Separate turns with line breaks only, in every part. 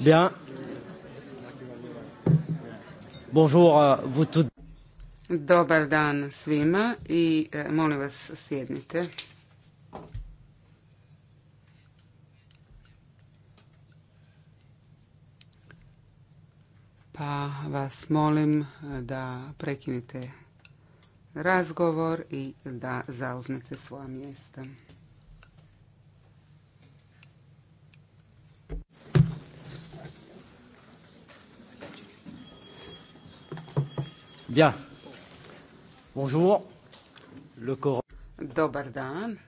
Bien. Bonjour vous Dobar dan svima i e, molim vas sjednite. Pa vas molim e, da prekinite razgovor i da zauzmete svoja mjesta. Bien. Bonjour. Le Dobar dan.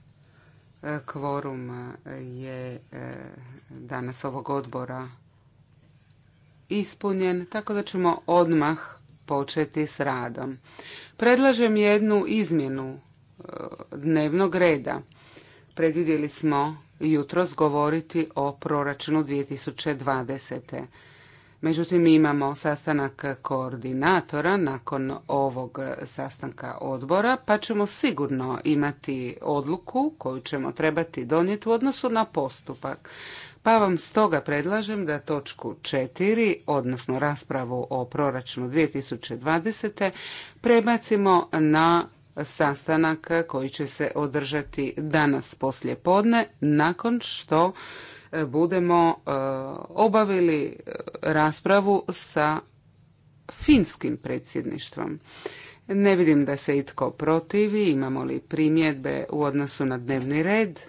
E, kvorum e, je e, danas ovog odbora ispunjen, tako da ćemo odmah početi s radom. Predlažem jednu izmjenu dnevnog reda. Predvidjeli smo jutros govoriti o proračunu 2020. Međutim, imamo sastanak koordinatora nakon ovog sastanka odbora, pa ćemo sigurno imati odluku koju ćemo trebati donijeti u odnosu na postupak. Pa vam stoga predlažem da točku 4, odnosno raspravu o proračunu 2020. prebacimo na sastanak koji će se održati danas poslje podne nakon što budemo e, obavili e, raspravu sa finskim predsjedništvom. Ne vidim da se itko protivi, imamo li primjedbe u odnosu na dnevni red?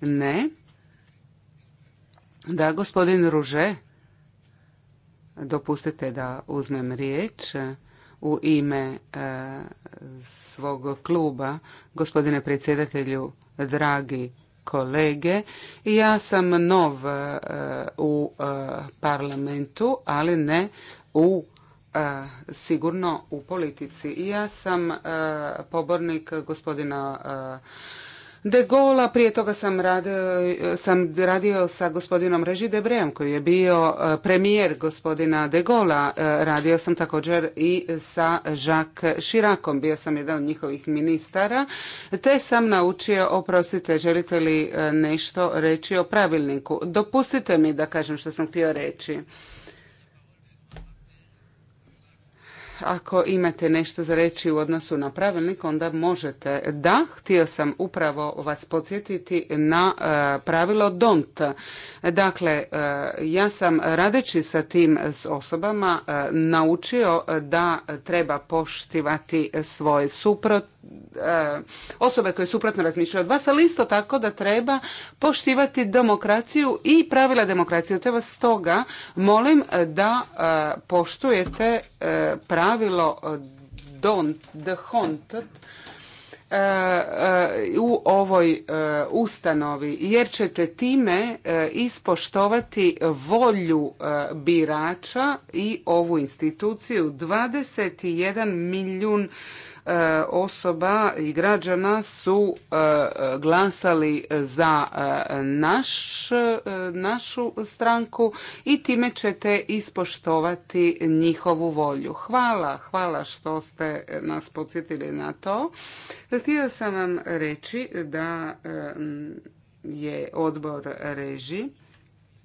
Ne. Da, gospodin Ruže, dopustite da uzmem riječ u ime e, svog kluba. Gospodine predsjedatelju, dragi kolege. Ja sam nov e, u e, parlamentu, ali ne u e, sigurno u politici. Ja sam pobornik gospodina De Gola, prije toga sam radio, sam radio sa gospodinom Reži Debrejem koji je bio e, premijer gospodina De e, Radio sam također i sa Jacques Širakom, bio sam jedan od njihovih ministara, te sam naučio, oprostite, želite li e, nešto reći o pravilniku? Dopustite mi da kažem što sam htio reći. ako imate nešto za reći u odnosu na pravilnik, onda možete. Da, htio sam upravo vas podsjetiti na e, pravilo DONT. Dakle, e, ja sam radeći sa tim osobama e, naučio da treba poštivati svoje suprot, osobe koje suprotno razmišljaju od vas, ali isto tako da treba poštivati demokraciju i pravila demokracije. Te vas stoga molim da poštujete pravila pojavilo eh, don't, the haunted, eh, eh, u ovoj ustanovi jer ćete time ispoštovati volju birača i ovu instituciju 21 milijun E, osoba i građana su e, glasali za e, naš, našu stranku i time ćete ispoštovati njihovu volju. Hvala, hvala što ste nas podsjetili na to. Htio sam vam reći da je odbor reži,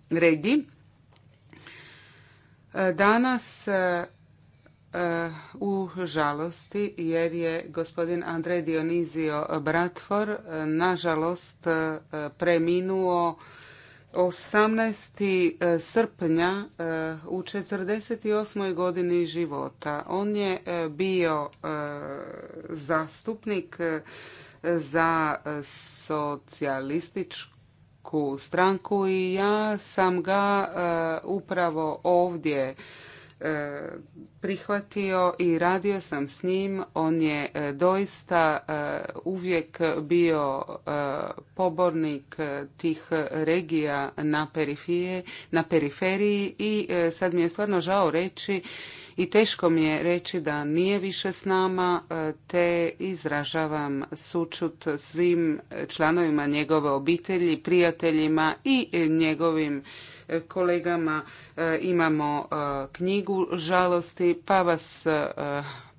regi danas u žalosti jer je gospodin Andrej Dionizio Bratfor nažalost e, preminuo 18. E, srpnja e, u 48. godini života. On je bio zastupnik za socijalističku stranku i ja sam ga upravo ovdje E, prihvatio i radio sam s njim. On je e, doista e, uvijek bio pobornik tih regija na periferiji i sad mi je stvarno žao reći i teško mi je reći da nije više s nama e, te izražavam sučut svim članovima njegove obitelji, prijateljima i njegovim e, kolegama. E, imamo knjigu žalosti pa vas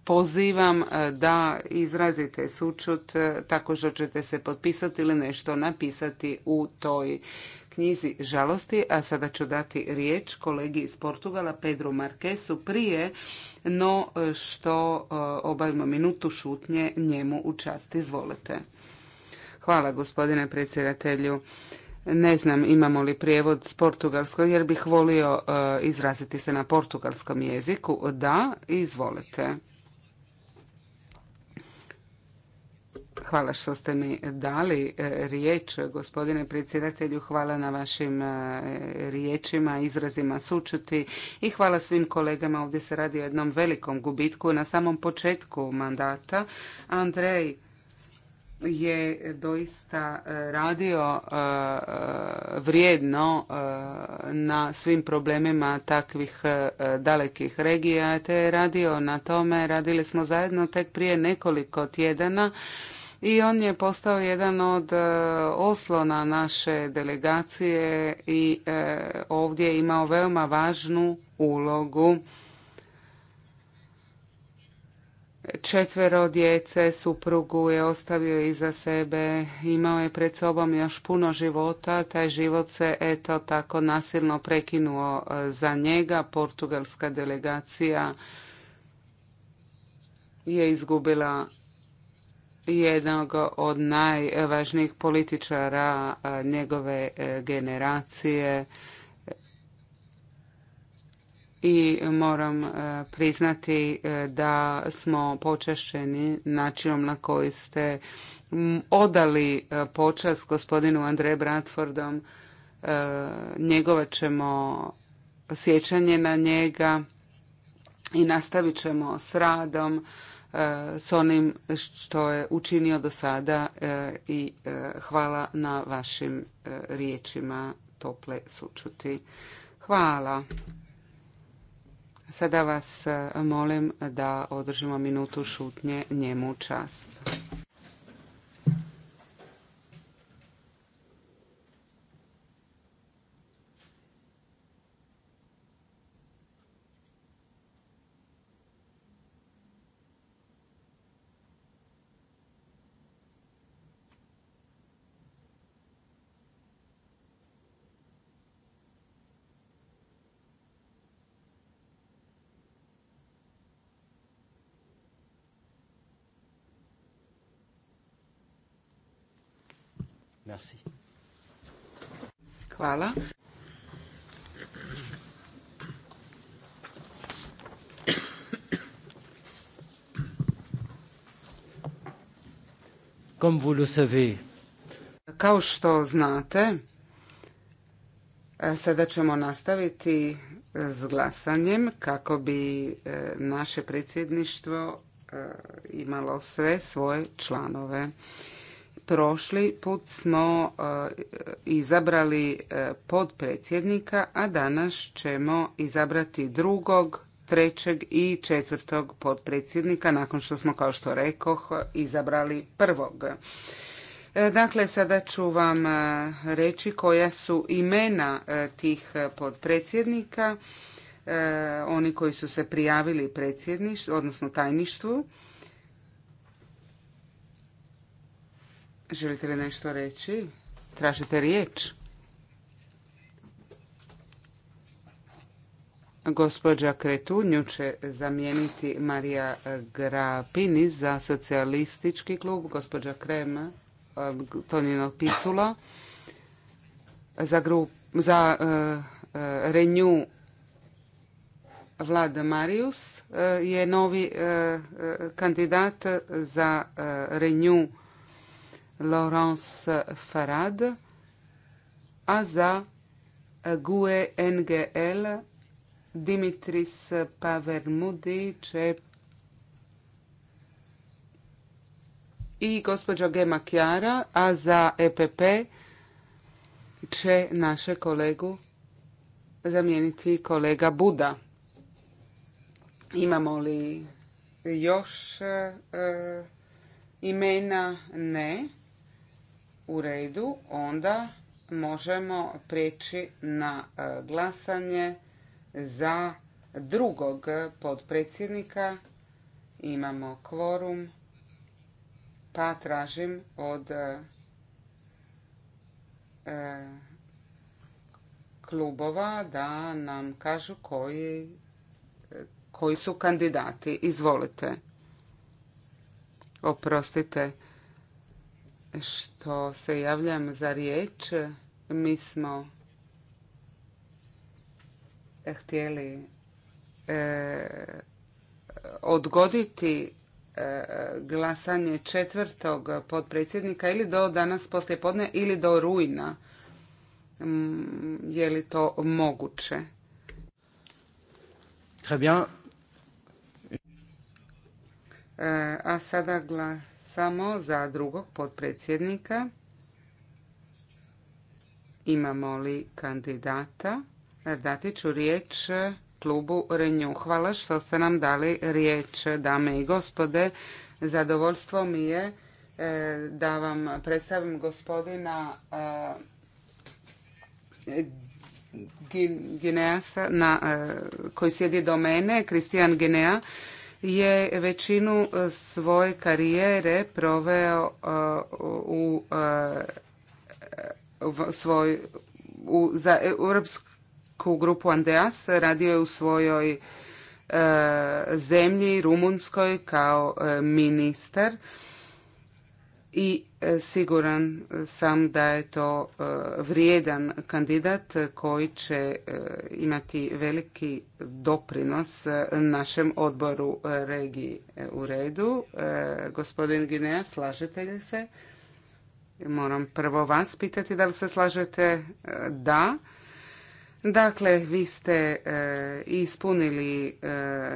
pozivam da izrazite sučut tako što ćete se potpisati ili nešto napisati u toj knjizi žalosti, a sada ću dati riječ kolegi iz Portugala Pedro Marquesu prije no e, što e, obavimo minutu šutnje njemu u čast. Izvolite. Hvala gospodine predsjedatelju. Ne znam imamo li prijevod s portugalskog jer bih volio e, izraziti se na portugalskom jeziku. Da, izvolite. Hvala što ste mi dali e, riječ, gospodine predsjedatelju. Hvala na vašim e, riječima, izrazima sučuti i hvala svim kolegama. Ovdje se radi o jednom velikom gubitku. Na samom početku mandata Andrej je doista e, radio vrijedno na svim problemima takvih dalekih regija, te je radio na tome, radili smo zajedno tek prije nekoliko tjedana i on je postao jedan od e, oslona naše delegacije i e, ovdje je imao veoma važnu ulogu. Četvero djece, suprugu je ostavio iza sebe, imao je pred sobom još puno života, taj život se eto tako nasilno prekinuo e, za njega. Portugalska delegacija je izgubila jednog od najvažnijih političara njegove e, generacije i moram e, priznati e, da smo počašćeni načinom na koji ste odali počast gospodinu Andre Bradfordom. Njegova ćemo sjećanje na njega i nastavit ćemo s radom s onim što je učinio do sada e, i e, hvala na vašim e, riječima tople sučuti. Hvala. Sada vas molim da održimo minutu šutnje njemu čast. Merci. Hvala. Kao što znate, e, sada ćemo nastaviti e, s glasanjem kako bi e, naše predsjedništvo imalo sve svoje članove. Prošli put smo e, izabrali e, podpredsjednika, a danas ćemo izabrati drugog, trećeg i četvrtog podpredsjednika nakon što smo, kao što rekoh, izabrali prvog. E, dakle, sada ću vam reći koja su imena tih podpredsjednika, oni koji su se prijavili predsjedništvu, odnosno tajništvu. Želite li nešto reći? Tražite riječ? Gospođa Kretunju će zamijeniti Marija Grapini za socijalistički klub, gospođa Krema, eh, Tonino Picula, za, eh, Renju Vlad Marius eh, je novi kandidat za Renju Laurence Farad, a za GUE NGL Dimitris Pavermudi će i gospođa Gema Kjara, a za EPP će naše kolegu zamijeniti kolega Buda. Imamo li još e, imena? Ne. U redu, onda možemo prijeći na e, glasanje za drugog podpredsjednika. Imamo kvorum, pa tražim od e, e, klubova da nam kažu koji, koji su kandidati. Izvolite. Oprostite što se javljam za riječ. Mi smo eh, htjeli e, odgoditi eh, glasanje četvrtog potpredsjednika ili do danas poslije podne ili do rujna. Mm, je li to moguće? Très bien. a sada glasanje samo za drugog potpredsjednika. Imamo li kandidata? Dati ću riječ klubu Renju. Hvala što ste nam dali riječ, dame i gospode. Zadovoljstvo mi je e, da vam predstavim gospodina e, Gineasa e, koji sjedi do mene, Kristijan Ginea je većinu e, svoje karijere proveo e, u e, svoj u, za europsku grupu Andeas radio je u svojoj zemlji Rumunskoj kao ministar i e, siguran sam da je to e, vrijedan kandidat koji će e, imati veliki doprinos našem odboru regiji u redu. Gospodin Gineja, slažete li se? Moram prvo vas pitati da li se slažete? Da. Dakle, vi ste e, ispunili e,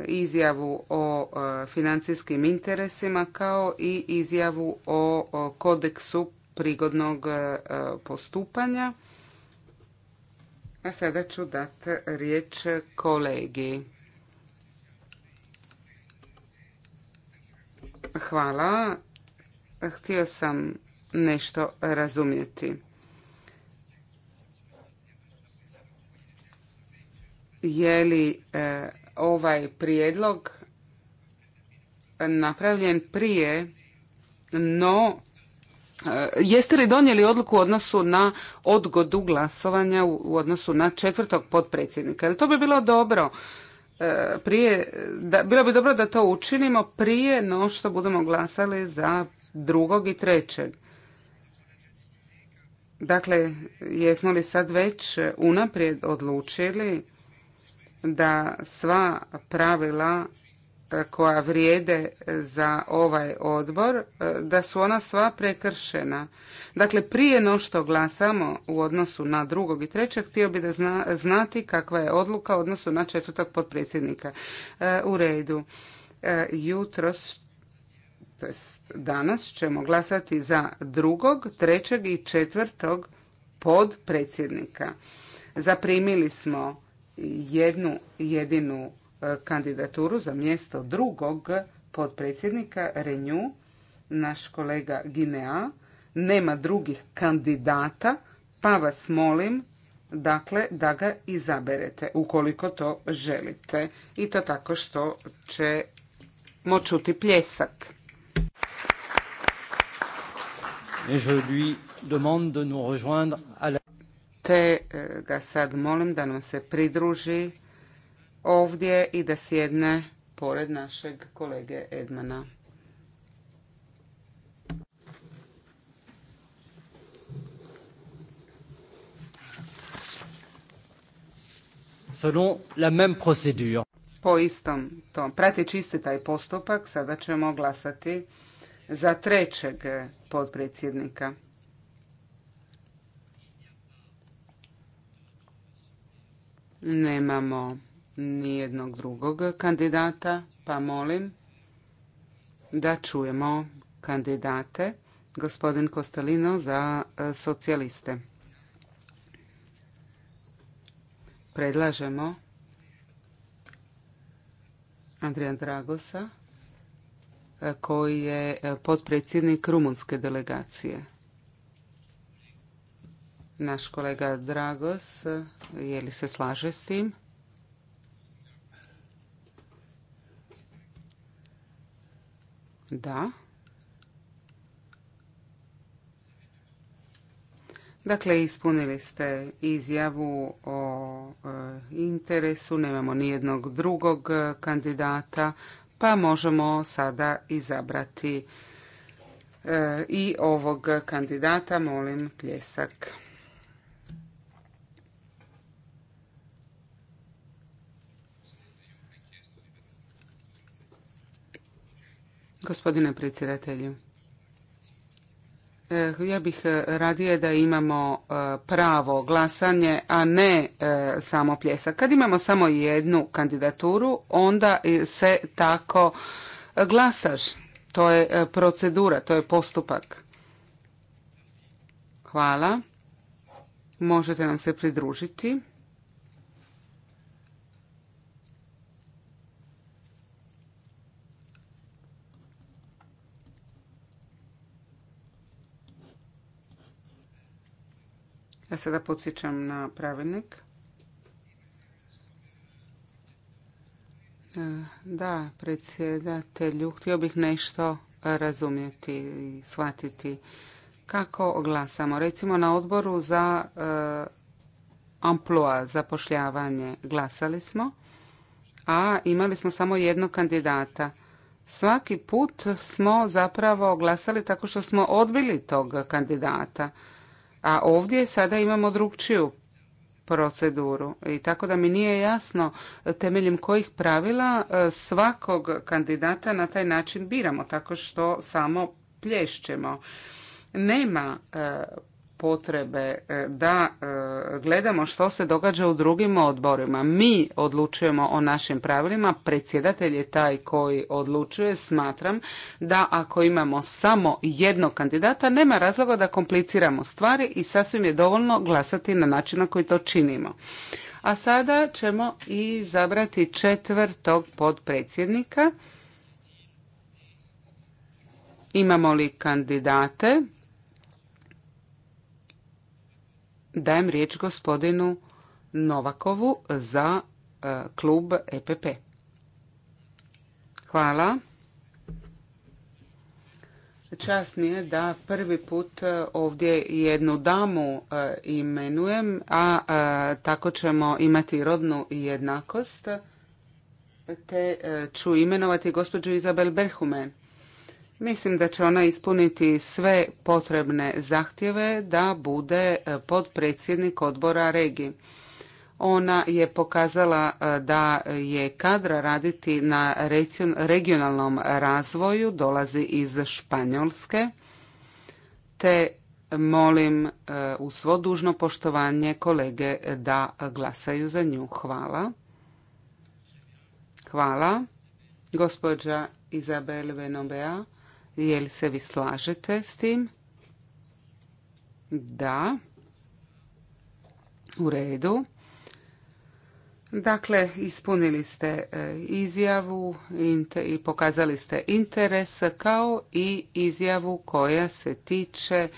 izjavu o e, financijskim interesima kao i izjavu o kodeksu prigodnog postupanja. A sada ću dati riječ kolegi. Hvala. Htio sam nešto razumjeti. je li e, ovaj prijedlog napravljen prije, no e, jeste li donijeli odluku u odnosu na odgodu glasovanja u odnosu na četvrtog potpredsjednika? Jer to bi bilo dobro e, prije, da, bilo bi dobro da to učinimo prije no što budemo glasali za drugog i trećeg. Dakle, jesmo li sad već unaprijed odlučili da sva pravila e, koja vrijede za ovaj odbor, e, da su ona sva prekršena. Dakle, prije no što glasamo u odnosu na drugog i trećeg, htio bi da znati kakva je odluka u odnosu na četvrtog potpredsjednika. E, u redu. jutros, to jest danas, ćemo glasati za drugog, trećeg i četvrtog podpredsjednika. Zaprimili smo jednu jedinu e, kandidaturu za mjesto drugog potpredsjednika Renju, naš kolega Ginea, nema drugih kandidata, pa vas molim dakle da ga izaberete ukoliko to želite i to tako što ćemo čuti pljesak. Et demande de nous rejoindre à te e, ga sad molim da nam se pridruži ovdje i da sjedne pored našeg kolege Edmana. Selon la même Po istom tom, prateći isti taj postupak, sada ćemo glasati za trećeg potpredsjednika. Nemamo nijednog drugog kandidata, pa molim da čujemo kandidate. Gospodin Kostelino za e, socijaliste. Predlažemo Andrija Dragosa e, koji je e, potpredsjednik rumunske delegacije. Naš kolega Dragos, je li se slaže s tim? Da. Dakle, ispunili ste izjavu o e, interesu, nemamo nijednog drugog e, kandidata, pa možemo sada izabrati e, i ovog kandidata. Molim pljesak. Gospodine predsjedatelju, eh, ja bih radije da imamo eh, pravo glasanje, a ne eh, samo pljesak. Kad imamo samo jednu kandidaturu, onda se tako glasaš. To je procedura, to je postupak. Hvala. Možete nam se pridružiti. Ja sada podsjećam na pravilnik. E, da, predsjedatelju, htio bih nešto razumjeti i shvatiti kako glasamo. Recimo na odboru za e, amploa, zapošljavanje, glasali smo, a imali smo samo jednog kandidata. Svaki put smo zapravo glasali tako što smo odbili tog kandidata. A ovdje sada imamo drugčiju proceduru. I tako da mi nije jasno temeljem kojih pravila e, svakog kandidata na taj način biramo, tako što samo plješćemo. Nema e, potrebe e, da e, gledamo što se događa u drugim odborima. Mi odlučujemo o našim pravilima, predsjedatelj je taj koji odlučuje. Smatram da ako imamo samo jednog kandidata, nema razloga da kompliciramo stvari i sasvim je dovoljno glasati na način na koji to činimo. A sada ćemo izabrati četvrtog podpredsjednika. Imamo li kandidate? Dajem riječ gospodinu Novakovu za e, klub EPP. Hvala. Čast mi je da prvi put e, ovdje jednu damu e, imenujem, a tako ćemo imati rodnu jednakost, te ću imenovati gospođu Izabel Berhumen Mislim da će ona ispuniti sve potrebne zahtjeve da bude e, podpredsjednik odbora regi. Ona je pokazala e, da je kadra raditi na regionalnom razvoju, dolazi iz Španjolske, te molim e, u svo dužno poštovanje kolege da glasaju za nju. Hvala. Hvala. Gospođa Izabel Venobea je se vi slažete s tim? Da. U redu. Dakle, ispunili ste e, izjavu i pokazali ste interes kao i izjavu koja se tiče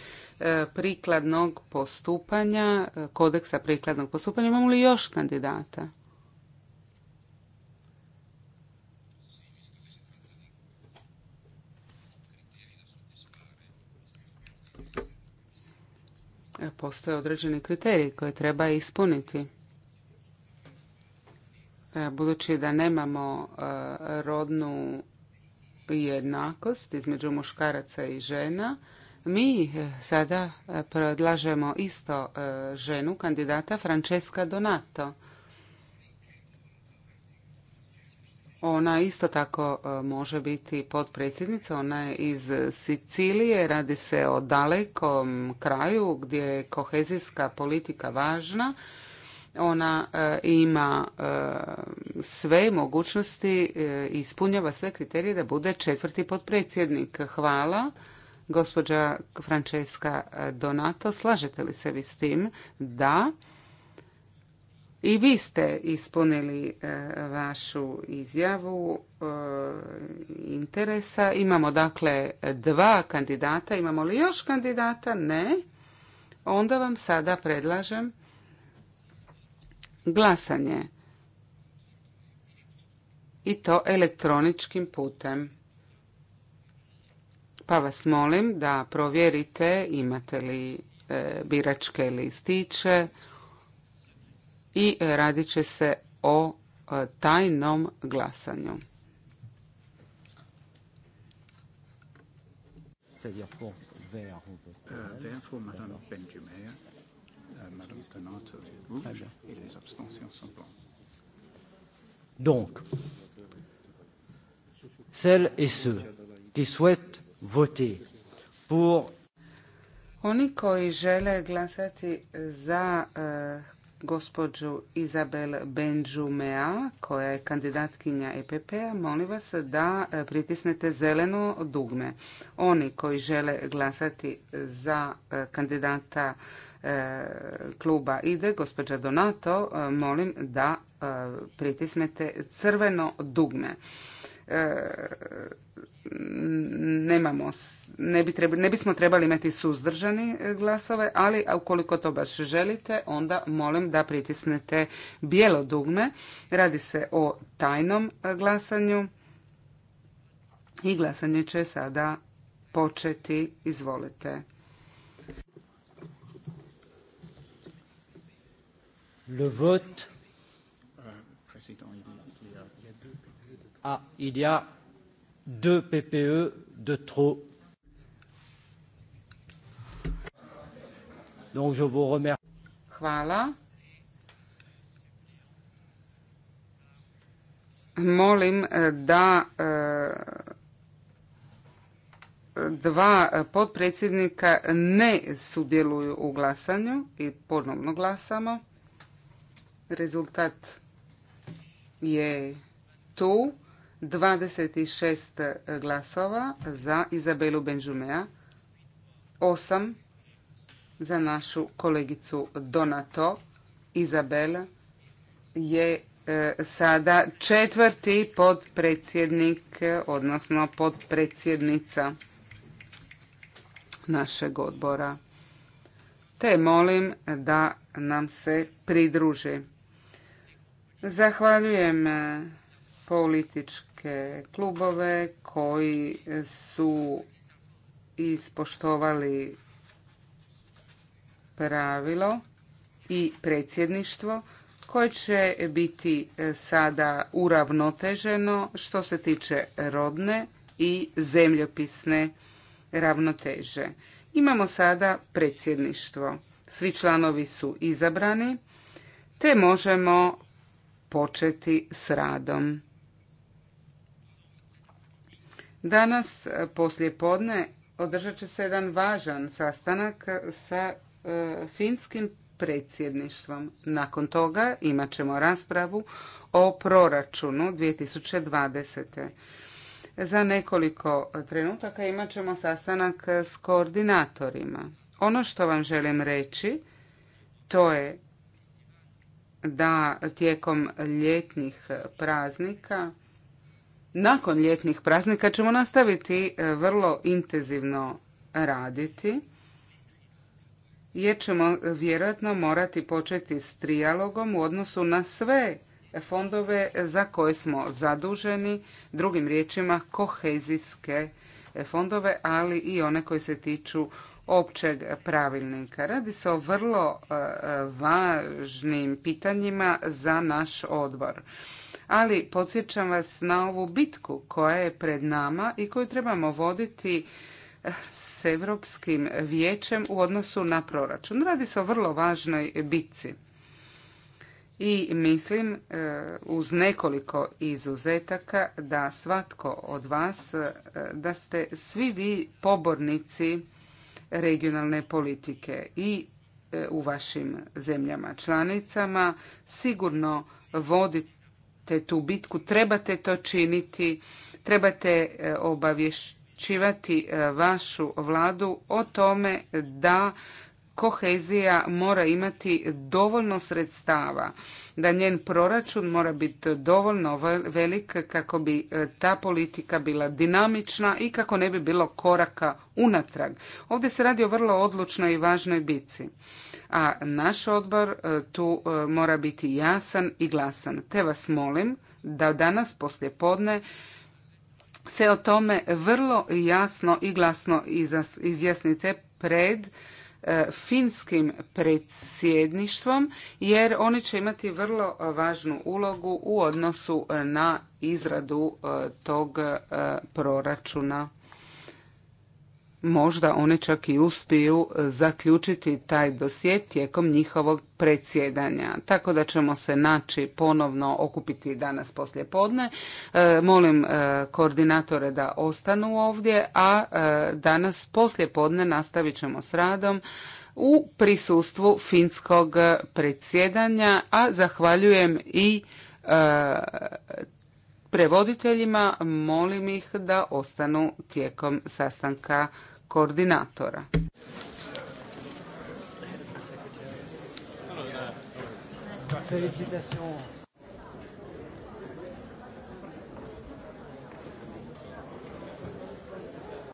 e, prikladnog postupanja, e, kodeksa prikladnog postupanja. Imamo li još kandidata? postoje određeni kriteriji koje treba ispuniti. E, budući da nemamo e, rodnu jednakost između muškaraca i žena, mi e, sada predlažemo isto ženu kandidata Francesca Donato. Ona isto tako e, može biti potpredsjednica, ona je iz Sicilije, radi se o dalekom kraju gdje je kohezijska politika važna. Ona e, ima e, sve mogućnosti ispunjava sve kriterije da bude četvrti potpredsjednik. Hvala. Gospođa Francesca Donato, slažete li se vi s tim? Da. I vi ste ispunili e, vašu izjavu e, interesa. Imamo dakle dva kandidata. Imamo li još kandidata? Ne. Onda vam sada predlažem glasanje. I to elektroničkim putem. Pa vas molim da provjerite imate li e, biračke listiće i e, radit će se o e, tajnom glasanju. E, euh, Donc, celles et ceux qui souhaitent voter pour oni koji žele glasati za gospođu Izabel Benjumea, koja je kandidatkinja EPP-a, molim vas da e, pritisnete zeleno dugme. Oni koji žele glasati za e, kandidata e, kluba IDE, gospođa Donato, molim da pritisnete crveno dugme nemamo, ne, bi ne bismo trebali imati suzdržani e, glasove, ali ukoliko to baš želite, onda molim da pritisnete bijelo dugme. Radi se o tajnom e, glasanju i glasanje će sada početi. Izvolite. Le vote. Euh, ah, a de PPE de Donc je vous remercie. Hvala. Molim eh, da eh, dva potpredsjednika ne sudjeluju u glasanju i ponovno glasamo. Rezultat je tu. 26 glasova za Izabelu Benžumea, 8 za našu kolegicu Donato. Izabela je e, sada četvrti podpredsjednik, odnosno podpredsjednica našeg odbora. Te molim da nam se pridruži. Zahvaljujem e, političku klubove koji su ispoštovali pravilo i predsjedništvo koje će biti sada uravnoteženo što se tiče rodne i zemljopisne ravnoteže. Imamo sada predsjedništvo. Svi članovi su izabrani te možemo početi s radom. Danas e, poslije podne održat će se jedan važan sastanak sa e, finskim predsjedništvom. Nakon toga imat ćemo raspravu o proračunu 2020. Za nekoliko trenutaka imat ćemo sastanak s koordinatorima. Ono što vam želim reći to je da tijekom ljetnih praznika nakon ljetnih praznika ćemo nastaviti e, vrlo intenzivno raditi jer ćemo e, vjerojatno morati početi s trijalogom u odnosu na sve fondove za koje smo zaduženi, drugim riječima kohezijske fondove, ali i one koji se tiču općeg pravilnika. Radi se o vrlo e, važnim pitanjima za naš odbor ali podsjećam vas na ovu bitku koja je pred nama i koju trebamo voditi eh, s Europskim vijećem u odnosu na proračun. Radi se o vrlo važnoj bitci. I mislim eh, uz nekoliko izuzetaka da svatko od vas, eh, da ste svi vi pobornici regionalne politike i u vašim zemljama članicama sigurno vodite vodite tu bitku, trebate to činiti, trebate e, obavješćivati e, vašu vladu o tome da kohezija mora imati dovoljno sredstava, da njen proračun mora biti dovoljno velik kako bi e, ta politika bila dinamična i kako ne bi bilo koraka unatrag. Ovdje se radi o vrlo odlučnoj i važnoj bici. A naš odbor e, tu e, mora biti jasan i glasan. Te vas molim da danas poslije podne se o tome vrlo jasno i glasno izjasnite pred E, finskim predsjedništvom jer oni će imati vrlo važnu ulogu u odnosu na izradu e, tog e, proračuna možda one čak i uspiju zaključiti taj dosje tijekom njihovog predsjedanja. Tako da ćemo se naći ponovno okupiti danas poslje podne. E, molim e, koordinatore da ostanu ovdje, a e, danas poslje podne nastavit ćemo s radom u prisustvu finskog predsjedanja, a zahvaljujem i prevoditeljima molim ih da ostanu tijekom sastanka koordinatora.